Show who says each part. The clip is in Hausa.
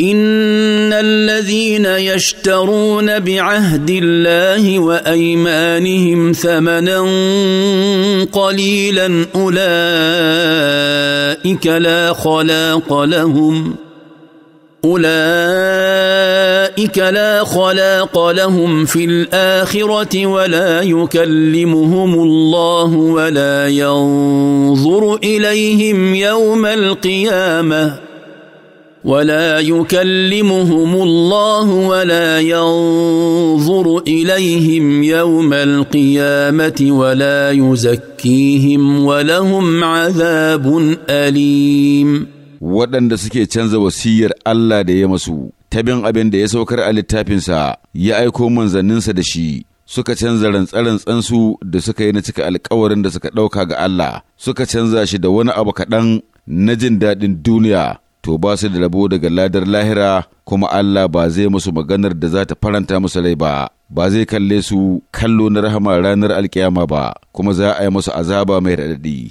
Speaker 1: ان الذين يشترون بعهد الله وايمانهم ثمنا قليلا اولئك لا خلاق لهم اولئك لا خلاق لهم في الاخره ولا يكلمهم الله ولا ينظر اليهم يوم القيامه ولا يكلمهم الله ولا ينظر اليهم يوم القيامه ولا يزكيهم ولهم
Speaker 2: عذاب اليم waɗanda suke canza wasiyar Allah da ya masu ta bin abin da ya saukar a littafinsa ya aiko manzanninsa da shi suka canza rantsarantsansu da suka yi na cika alkawarin da suka ɗauka ga Allah suka canza shi da wani abu kaɗan na jin daɗin duniya to ba su da rabo daga ladar lahira kuma Allah ba zai musu maganar da za ta faranta musu rai ba ba zai kalle su kallo na rahama ranar alkiyama ba kuma za a yi musu azaba mai raɗaɗi